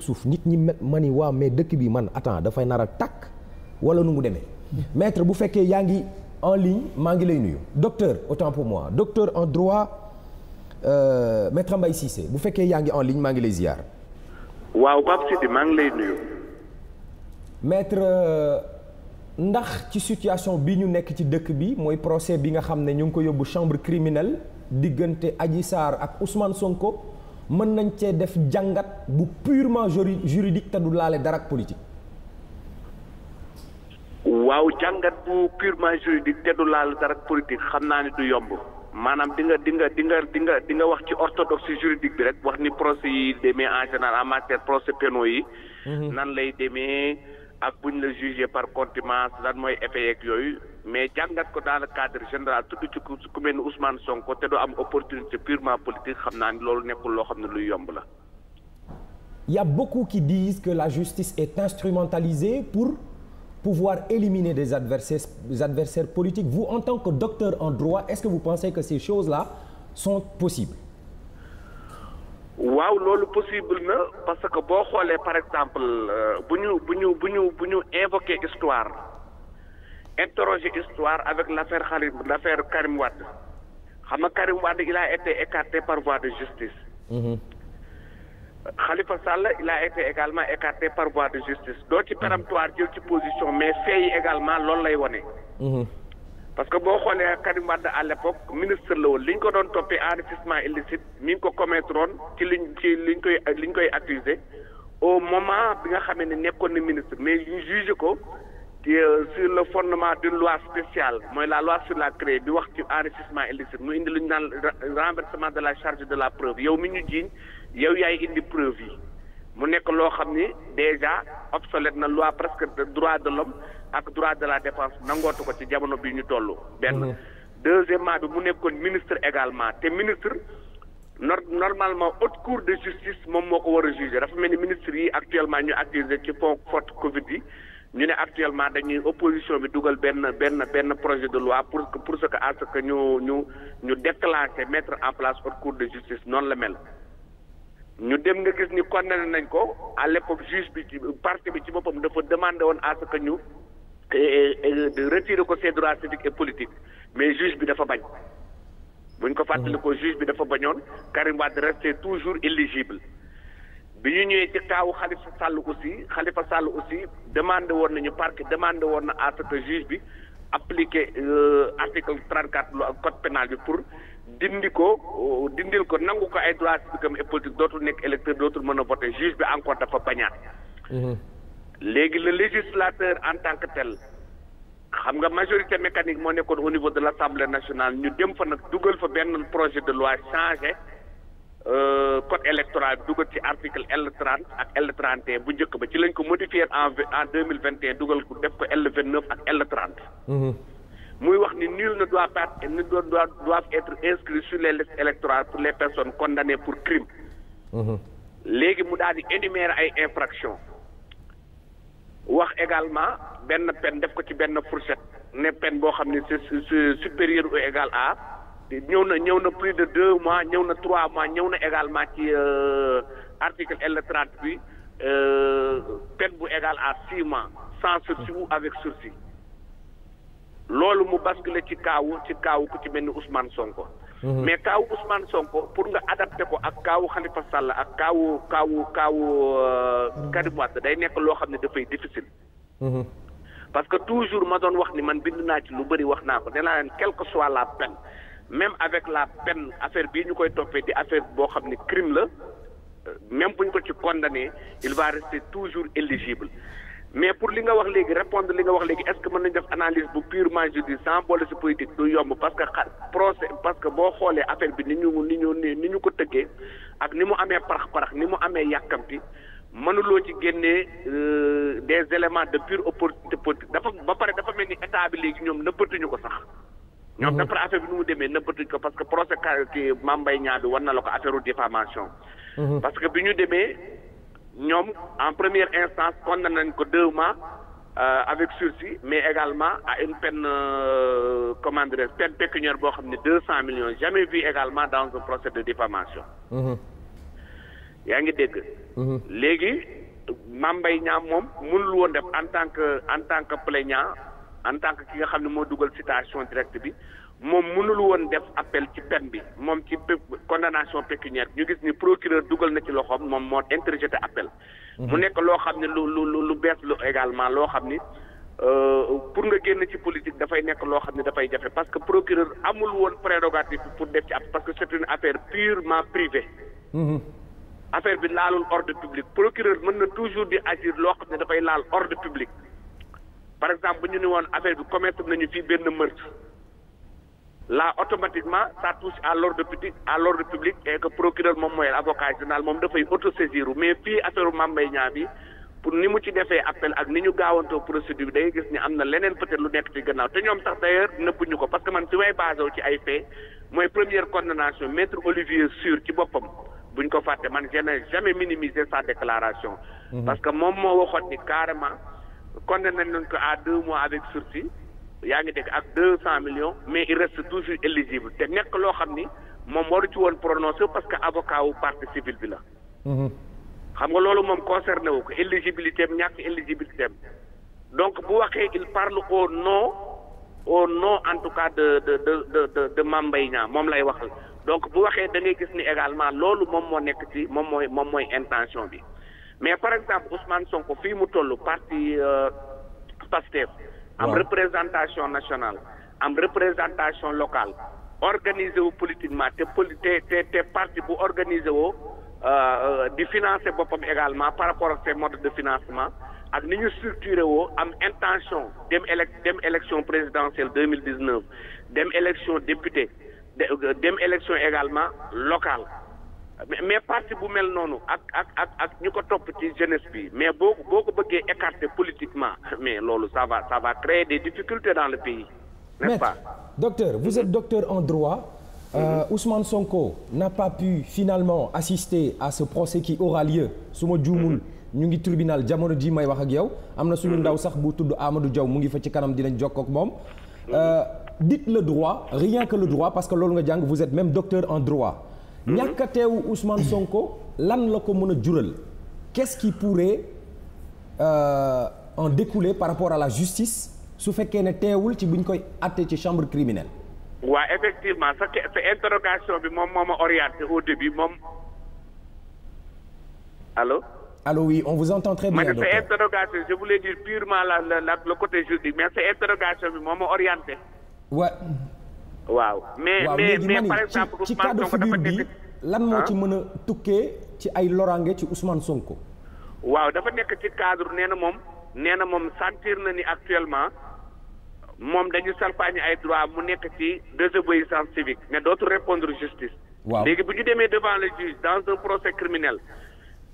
suuf nit ñi ma mani waa mais dëkk bi man attends dafay nar a tàkk wala nu mu demee maître bu fekkee yaa ngi en ligne maa ngi lay nuyu docteur autant pour moi docteur en droit euh, maître Mbaye Cissé bu fekkee yaa ngi en ligne maa ngi lay ziar. waaw Pape Sidi maa ngi lay nuyu. maître euh, ndax ci situation bi ñu nekk ci dëkk bi mooy procès bi nga xam ne ñu ngi ko yóbbu chambre criminelle diggante Adji Sarr ak Ousmane Sonko. mën nañ cee def jàngat bu purement juridique te du laale dara ak politique. waaw jàngat bu purement juridique te du laale dara ak politique xam naa ne du yomb maanaam di nga di nga di nga di nga di nga wax ci orthodoxie juridique wax ni procès yi demee en général matière procès pénaux yi. Mhm. nan lay demee ak buñ la jugé par contumace lan mooy effet yeeg yooyu. mais jàngat ko dans le cadre général tudd ci ku mel ni Ousmane Sonko te doo am opportunité purement politique xam naa ni loolu nekkul loo xam ne lu yomb la. il y a beaucoup qui disent que la justice est instrumentalisée pour pouvoir éliminer des adversaires des adversaires politiques vous en tant que docteur en droit est-ce que vous pensez que ces choses-là sont possibles. waaw loolu possible na parce que boo xoolee par exemple euh, bu ñu bu ñu bu ñu bu ñu invoquer histoire. interroger histoire avec l'affaire Karim l'affaire Karim Wade xam nga Karim Wade il a été écarté par voie de justice. Mhm. Khalifa Sall il a été également par voie de justice doo ci péremptoire jël ci position mais fait yi également loolu lay wone mhm. parce que boo xoolee Karim Wade à l'époque ministre la woon li ñu ko doon toppee enrichissement illicite mi ngi ko commettre woon ci liñ ci liñ koy liñ koy accuser au moment bi nga xamee ne nekkoon na ministre mais ñu jugé ko di euh, sur le fondement d'une loi spéciale mooy la loi sur la CREI bi wax ci enrichissement illicite mu indi lu ñu naan renversement de la charge de la preuve yow mi ñu jiiñ yow yaay indi preuve yi mu nekk loo xam ni déjà obsolète na loi presque droit de l'homme ak droit de la défense nangootu ko ci jamono bi ñu toll benn mm-hmm. deuxièmement bi mu nekkoon ministre également te ministre normalement haute cour de justice moom moo ko war a juger dafa mel ni ministre yi ñu accusé ci fond forte ñu ne actuellement dañuy opposition bi dugal benn benn benn projet de loi pour pour ce que à ce ñu ñu ñu déclencher mettre en place haute cour de justice noonu la mel ñu dem nga gis ni condamné nañ ko à l'époque juge bi ci parti bi ci boppam dafa demandé woon à que ñu de retirer ko ses droits civiques et politiques mais juge bi dafa bañ buñ ko fàttali ko juge bi dafa bañoon Karim Wade resté toujours illigible bi ñu ñëwee ci kaawu Khalifa Sall aussi xalifa Sall aussi demande woon na ñu parquet demandé woon na à ce que juge bi appliqué euh, article 34 lu ak code pénal bi pour dindi ko euh, dindil ko nangu ko ay droits civiques et politiques dootul nekk électeur dootul mën a voté juge bi encore dafa bañaat mhm. léegi le législateur en tant que tel xam nga majorité mécanique moo nekkoon au niveau de l' assemblée nationale ñu dem fa nag dugal fa benn projet de loi changé Euh, code électoral bi dugal ci article L trente ak L trente bu njëkk ba ci lañ ko modifier en en deux mille vingt et dugal ko def ko L vingt neuf ak L trente. Mhm. muy wax ni nul ne doit pas ne doit doit être inscrit sur les listes électorales pour pour crime. Mhm. léegi mu daal di énumérer ay infractions. wax également benn peine def ko ci benn fourchette ne peine boo xam ne c'est supérieur ou égal à. ñëw na ñëw na plus de deux mois ñëw na trois mois ñëw na également ci euh, article L trente bi euh, peine bu égal à six mois sans sursis ou avec sursis loolu mu basculer ci kaawu ci kaawu ku ci mel ni Ousmane ko mhm. mais kaawu Ousmane ko pour nga adapté ko ak kaawu Khalifa Sall ak kaawu kaawu kaawu euh, Karim Wade day nekk loo xam ne dafay difficile. Mhm. parce que toujours ma doon wax ni man bind naa ci lu bëri wax naa ko nee naa leen quelle que soit la peine. même avec la peine affaire bii ñu koy toppee di affaire boo xam ne crime la euh, même bu ñu ko ci condamné il va rester toujours éligible mais pour li nga wax léegi répondre li nga wax léegi est-ce que mën nañ def analyse bu purement judiciaire sans boole si politique du yomb parce que xa procès parce que boo xoolee affaire bi ni ñu ni ñu ni ñu ko tëggee ak ni mu amee parax-parax ni mu amee yàkkamti mënuloo ci génnee euh, des éléments de pure opportunité politique dafa ba pare dafa mel ni état léegi ñoom nëppatuñu ko sax ñoom mhm. d'après affaire bi nu mu demee nëbbatuñ ko parce que procès kii Mame mambay Niang bi war na la ko affaire diffamation mhm. parce que bi ñu demee ñoom en première instance na nañ ko deux mois euh, avec sursis mais également à une peine euh, comment dirais peine boo xam ne deux cent millions jamais vu également dans un procès de diffamation mhm. yaa ngi dégg léegi mambay Mbaye Niang moom mënul woon def en tant que en tant que plaignant en tant que ki nga xam ne moo dugal citation directe bi moom mënul woon def appel ci peine bi moom ci condamnation pécuniaire ñu gis ni procureur dugal na ci loxoom moom moo interjeté appel. Mhm. mu nekk loo xam ne lu lu lu bees lu également loo xam ni euh, pour nga génn ci politique dafay nekk loo xam ne dafay jafe parce que procureur amul woon prérogative pour def ci parce que c'est une affaire purement privée. Mhm. affaire bi laalul ordre public procureur mën na toujours di agir loo xam ne dafay laal ordre par exemple bu ñu ne woon affaire bi commettre nañu fii benn meurtre là automatiquement ça touche à l'ordre public à l'ordre public et que procureur moom mooy avocat général moom dafay autosaisir mais fii affaire Mame Mbaye bi pour ni mu ci defee appel ak ni ñu gaawantoo procédure bi day gis ni am na leneen peut-être lu nekk ci gannaaw te ñoom sax d'ailleurs nëbbuñu ko parce que man si may basé ci ay fait mooy première condamnation maître Olivier Sur ci boppam buñ ko fàtte man je n'ai jamais minimisé déclaration. Mm-hmm. parce que moom moo waxoon ni carrément. condamné nañ ko à deux mois avec sursis yaa ngi dégg ak deux cent millions mais il reste toujours éligible te nekk loo xam ni moom waru ci woon prononcé parce que avocat wu partie civile bi la mm-hmm. xam nga loolu moom concerné wu ko éligibilité am ñàkk éligibilité am donc bu waxee il parle au nom au nom en tout cas de de de de de de Mame moom lay waxal donc bu waxee da ngay gis ni également loolu moom moo nekk ci moom mooy moom mooy intention bi mais par exemple son Sonko fii mu toll parti euh, Pastef am représentation nationale am représentation locale organisé wu politiquement te poli parti bu organisé woo euh, euh, di financer boppam également par rapport a ses modes de financement ak ni ñu structuré woo am intention dem élec dem élection présidentielle deux mille dix neuf dem élection député dem élection également locale mais parti bu mel noonu ak ak ak ñu ko topp ci jeunesse bi mais boo boo ko bëggee écarter politiquement mais loolu ça va ça va créer des difficultés dans le pays n'est-ce pas docteur vous êtes docteur en droit Euh, mm-hmm. Ousmane Sonko n'a pas pu finalement assister à ce procès qui aura lieu su ma juumul mm-hmm. ñu ngi tribunal jamono ji may wax ak yow am na suñu mm-hmm. ndaw sax bu tudd Amadou Diaw mu ngi fa ci kanam dinañ jokkoo ak moom euh, dites le droit rien que le droit parce que loolu nga jàng vous êtes même docteur en droit Hmm? ñàkk a teewu Ousmane Sonko lan la ko mën a jural qu'est-ce qui pourrait euh, en découler par rapport à la justice su fekkee ne teewul ci bu ñu koy àtte ci chambre criminelle waa ouais, effectivement sa interrogation bi moom moo ma orienté au bi moom allô allô oui on vous entend très bien docteur mais cette interrogation je voulais dire purement la la, la le côté juridique mais cette interrogation bi moom ma orienté ouais. waaw mais mais mais par exemple ci cas de figure bi lan moo ci mën a tukkee ci ay loraange ci Ousmane Sonko. waaw dafa nekk ci cadre nee na moom nee na moom sentir na ni actuellement moom dañu salfaañi ay droit mu nekk ci désobéissance civique mais dootul répondre justice. waaw léegi bu ñu demee devant le juge dans un procès criminel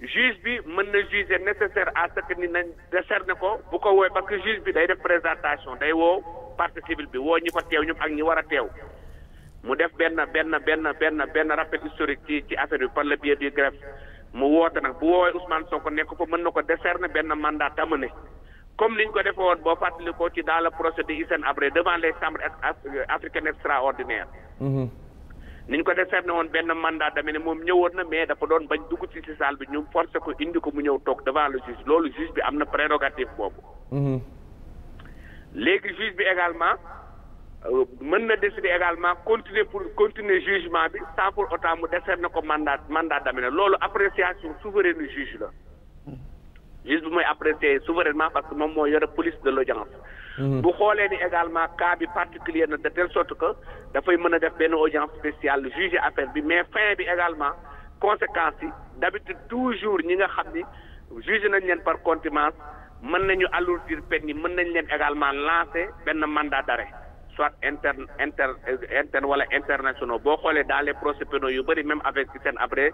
juge bi mën na juger nécessaire à ce que ni nañ décerner ko bu ko woowee parce que juge bi day def présentation day woo. partie civile bi woo ñi ko teew ñëpp ak ñi war a teew mu def benn benn benn benn benn rappel historique ci ci affaire bi par le biais du greffe mu woote nag bu woowee Ousmane Sonko nekk ko mën na ko décerner benn mandat ne comme niñ ko defee woon boo fàttali ci dans le procès de Hissène Habré devant les chambres africaines extraordinaires mhm. niñ ko décerné woon benn mandat dame ne moom ñëwoon na mais dafa doon bañ dugg ci si salle bi ñu forcé ko indi ko mu ñëw toog devant le loolu juge bi am na prérogative boobu mhm. léegi juge bi également euh, mën na décider également continuer pour continuer jugement bi sans pour autant mu na ko mandat mandat d'amener loolu appréciation souveraine du juge la juge bi mooy apprécier souverainement parce que moom moo yore police de l'audience mm-hmm. bu xoolee ni également cas bi particulier na de telle sort que dafay mën a def benn audience spéciale juger affaire bi mais fin bi également conséquences yi d'habitude toujours ñi nga xam ni juge nañ leen par contumace mën nañu alourdir peine yi mën nañ leen également lancer benn mandat d'arrêt soit interne inter euh, interne wala internationaux boo xoolee dans les procès pénaux yu bëri même avec seen après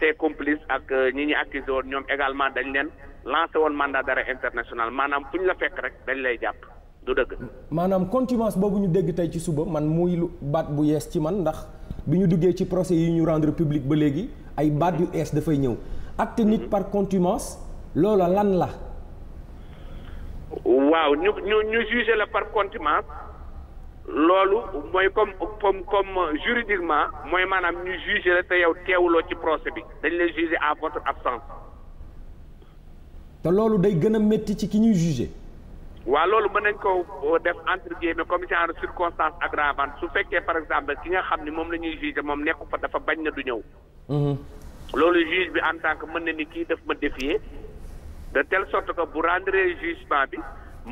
ses complices ak euh, ñi ñu accusé woon ñoom également dañ leen lancé woon mandat d'arrêt international maanaam fu ñu la fekk rek dañ lay jàpp du dëgg. maanaam contumace boobu ñu dégg tey ci suba man muy lu baat bu yees ci man ndax bi ñu duggee ci procès yi ñu rendre public ba léegi ay baat dafay ñëw acte nit par contumace loola lan la. waaw ñu ñu ñu jugé la par contumace loolu mooy comme comme comme euh, juridiquement mooy maanaam ñu jugé la te yow teewuloo ci procès bi dañ lay jugé à votre absence. te loolu day gën a métti ci ki ñuy jugé. waaw loolu mën nañ ko euh, def entre guillemets comme ci genre circonstance aggravante su fekkee par exemple ki nga xam ni moom la ñuy jugé moom nekku fa dafa bañ na du ñëw. Mm-hmm. loolu juge bi en tant que mën na ni kii daf ma défier. de telle sorte que bu rendre jugement bi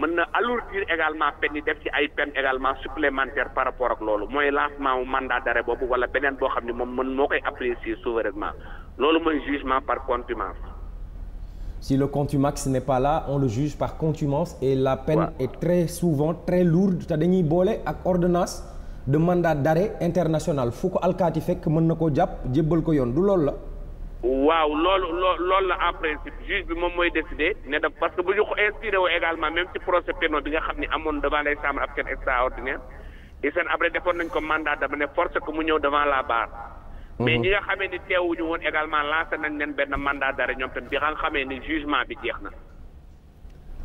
mën na alourdir également peine yi def ci ay peine également supplémentaire par rapport ak loolu mooy lancement wu mandat d'arrêt boobu wala beneen boo xam ne moom mën moo koy apprécier souverainement loolu mooy jugement par contumace. si le contumax ne pas là on le juge par contumace et la peine ouais. est très souvent très lourde te dañuy boole ak ordonnance de mandat d'arrêt international fu ko alkaati fekk mën na koo jàpp jébbal ko yoon du loolu la. waaw loolu loo loolu la en principe juge bi moom mooy décider ne daf parce que bu ñu ko inspiré woo également même ci procès pénal bi nga xam ne amoon devant les chambres africaines extraordinaires ISEN après defoon nañ ko mandat dama ne force que mu ñëw devant la barre. Mhm. mais ñi nga xamee ni teewuñu woon également lancé nañ leen benn mandat d'arrêt ñoom tam bi nga xamee ni jugement bi jeex na.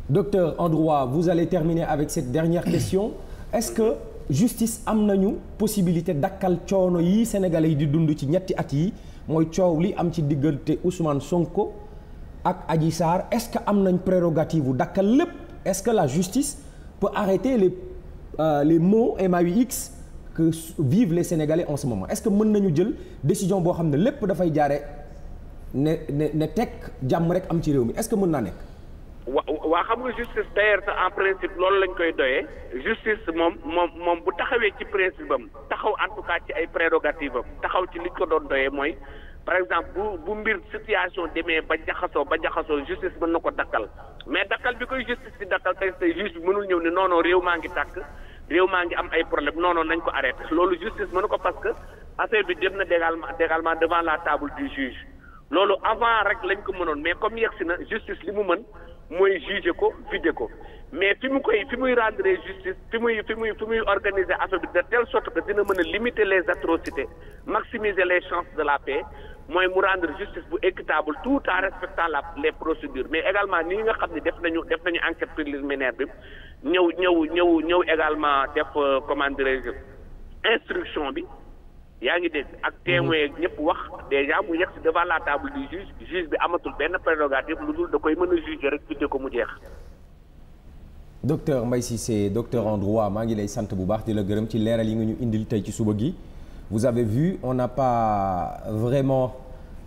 docteur en droit vous allez terminer avec cette dernière question est-ce que justice am nañu possibilité dakkal coono yi sénégalais yi di dund ci ñetti at yi. mooy coow li am ci diggante Ousmane Sonko ak aji Sarr est-ce que am nañ prérogative bu dakkal lépp est-ce que la justice peut arrêter les euh, les mots MAUX que vivent les Sénégalais en est-ce que mën nañu jël décision boo xam ne lépp dafay jaare ne ne ne teg jàmm rek am ci réew mi est-ce que mën naa nekk waa xam nga justice d'ailleurs en principe loolu lañ koy doyee justice moom moom moom bu taxawee ci principe taxaw en tout cas ci ay prérogative am taxaw ci liñ ko doon doyee mooy par exemple bu bu mbir situation demee ba jaxasoo ba jaxasoo justice mën na ko dakkal mais dakkal bi koy justice di dakkal tey tey juge mënul ñëw ne non non réew maa ngi tàkk réew maa ngi am ay problème non non nañ ko arrêté loolu justice mënu ko parce que affaire bi dem na également également devant la table du juge loolu avant rek lañ ko mënoon mais comme yegsi na justice li mu mën mooy juger ko vider ko mais fi mu koy fi muy rendre justice fi muy fi muy fi muy organiser affaire bi de telle sorte que dina mën a limiter les atrocités maximiser les chances de la paix mooy mu rendre justice bu équitable tout en respectant la les procédures mais également nii nga xam ni def nañu def nañu enquête préliminaire bi ñëw ñëw ñëw ñëw également def euh, comment dirais-je instruction bi yaa ngi dégg ak témoin ñëpp wax déjà mu yegg si devant la table du juge juge bi amatul benn prérogative lu dul da koy mën a juger rek tuddee ko mu jeex. docteur Mbaye Cissé docteur en droit maa ngi lay sant bu baax di la gërëm ci leeral yi nga ñu indil tey ci suba gi vous avez vu on n'a pas vraiment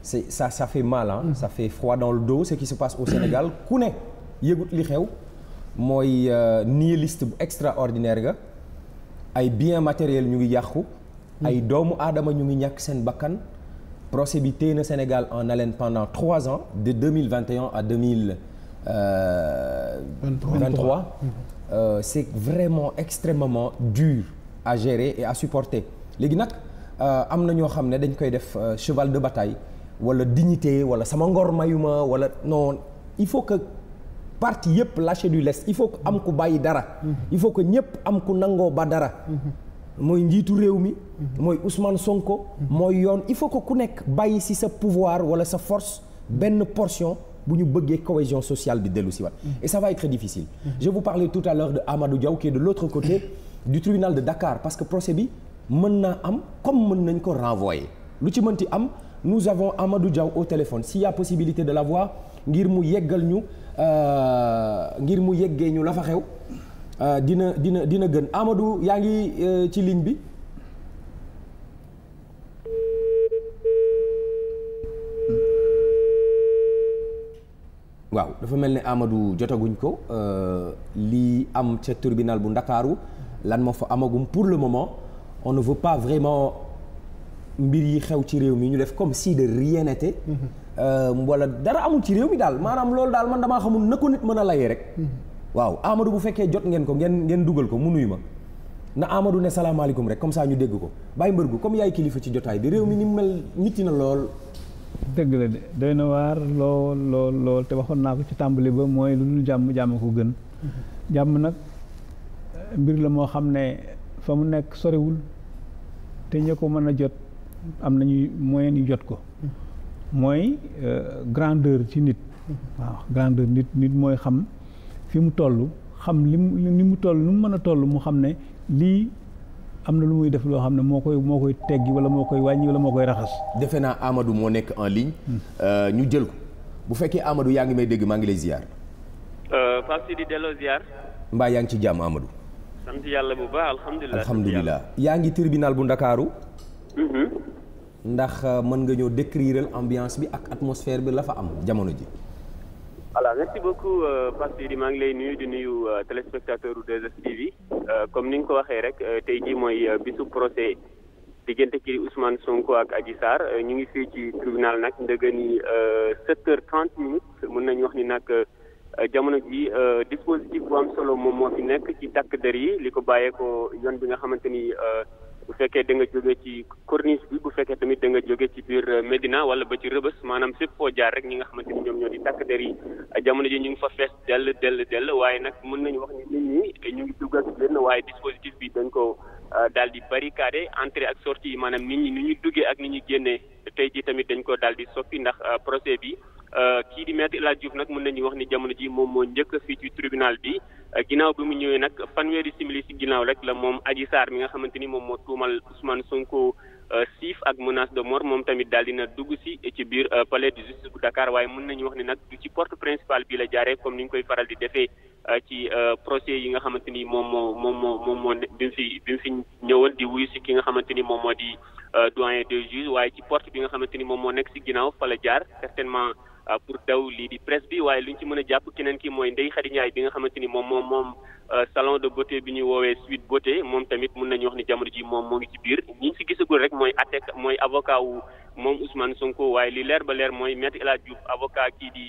c'est ça ça fait mal ah. ça fait froid dans le dos ce qui se passe au Sénégal ku ne yëgut li xew mooy nii euh, nihiliste bu extraordinaire ga ay biens matériels ñu ngi yàqu. ay doomu aadama ñu ngi ñàkk seen bakkan procès bi téye na Sénégal en haleine pendant trois ans de 2021 à 2000 euh, 23 euh, c'est vraiment extrêmement dur à gérer et à supporter léegi nag euh, am na ñoo xam ne dañ koy def euh, cheval de bataille wala dignité wala sama ngor mayuma wala non il faut que partie yëpp lâcher du lest il faut que am ku bàyyi dara mm-hmm. il faut que ñëpp am ku nangoo ba dara mm-hmm. mooy njiitu réew mi mhm. mooy Ousmane Sonko mhm. mooy yoon il faut que ku nekk bàyyi si sa pouvoir walla sa force mhm. benn portion bu ñu bëggee cohésion sociale bi dellu si waat et ça va être très difficile je vous parlais tout à l'heure de Amadou Diaw qui est de l'autre côté du tribunal de Dakar parce que procès bi mën naa am comme mën nañ ko renvoyer lu ci mën mënti am nous avons Amadou Diaw au téléphone si y a possibilité de l'avoir ngir mu yeggal ñu euh, ngir mu yeggee ñu la fa xew Euh, dina dina dina gën amadu yaa ngi euh, ci ligne bi. Hmm. waaw dafa mel ni Amadou jotaguñ ko euh, lii am ca tribunal bu Ndakaaru lan moo fa amagum pour le moment on ne veut pas vraiment mbir yi xew ci réew mi ñu def comme si de rien n'était hmm. dara amul ci réew mi daal maanaam loolu daal man damaa xamul na ko nit mën a laye rek. Hmm. waaw Amadou bu fekkee jot ngeen ko ngeen ngeen dugal ko mu nuyu ma na Amadou ne salaamaaleykum rek comme ça ñu dégg ko bàyyi mbër gu comme yaay kilifa ci jotaay bi réew mi ni mel ñitti na lool. dëgg la de na waar lool te waxoon naa ko ci tàmbali ba mooy lu dul jàmm jàmm ko gën. jàmm nag mbir la moo xam ne fa mu nekk sorewul te ña ko mën a jot am nañu moyen yu jot ko. mooy euh, grandeur ci nit. waaw grandeur nit mooy xam. fi mu toll xam li mu li mu toll nu mu mën a toll mu xam ne lii am na lu muy def loo xam ne moo koy moo koy teggi wala moo koy wàññi wala moo koy raxas. defe naa amadu moo nekk en ligne. Hmm. Euh, ñu jël ko bu fekkee Amadou yaa ngi may dégg maa ngi lay ziar. Euh, Pape Sidi delloo ziar. mbaa yaa ngi ci jàmm amadu sant yàlla bu baax alhamdulilah alhamdulilah yaa ngi tribunal bu Ndakaaru. Mm-hmm. ndax euh, mën nga ñëw décrire ambiance bi ak atmosphère bi la fa am jamono ji. voilà merci beaucoup euh, Pape yi maa ngi lay nuyu di nuyu euh, téléspectateur u 2STV euh, comme ni nga ko waxee rek tey jii mooy bisu procès diggante kii Ousmane Sonko ak Adji Sarr ñu ngi fii ci tribunal nag ndëgë ni 7 heures 30 minutes mën nañu wax ni nag jamono ji dispositif bu am solo moom moo fi nekk ci takk der yi li ko bàyyee ko yoon bi nga xamante ni. bu fekkee da nga jóge ci corniche bi bu fekkee tamit da nga jóge ci biir euh, Médina wala ba ci rëbës maanaam fépp foo jaar rek ñi nga xamante ni ñoom ñoo di takk der yi euh, jamono ji ñu ngi fa fees dell dell dell waaye nag mën nañu wax ni nit ñi euh, ñu ngi dugg ak génn waaye dispositif bi dañ ko daal di barricadé entrée ak sortie yi maanaam nit ñi ni ñu duggee ak ni ñu génnee tey ji tamit dañ ko daal di soppi ndax procès bi Euh, kii di maître El Hadj Diouf nag mën nañu wax ni jamono ji moom moo njëkk fii ci tribunal bi euh, ginnaaw bi mu ñëwee nag fanweeri simili si ginnaaw rek la moom Adji saar mi nga xamante ni moom moo tuumal Ousmane Sonko euh, siif ak menace de mort moom tamit daal dina dugg si ci biir palais de bu Dakar waaye mën nañu wax ni nag du ci porte bi la jaaree comme ni ñu koy faral di defee ci procès yi nga xamante ni moom moo moom moo moom moo bi mu fi bi mu fi ñëwal di wuyu si ki nga xamante ni moom moo di doyen des juges waaye ci porte bi nga xamante ni moom moo nekk si ginnaaw fa la jaar certainement Euh, pour teew lii di presse bi waaye ñu ci mën a jàpp keneen ki mooy Ndeye Khady bi nga xamante ni moom moom moom euh, salon de beauté bi ñuy woowee Sweet Beauté moom tamit mun nañu wax ni jamono ji moom moo ngi ci biir ñi ñu si gisagul rek mooy atek mooy avocat wu moom Ousmane sunko waaye li leer ba leer mooy maître El Hadj Diouf avocat kii di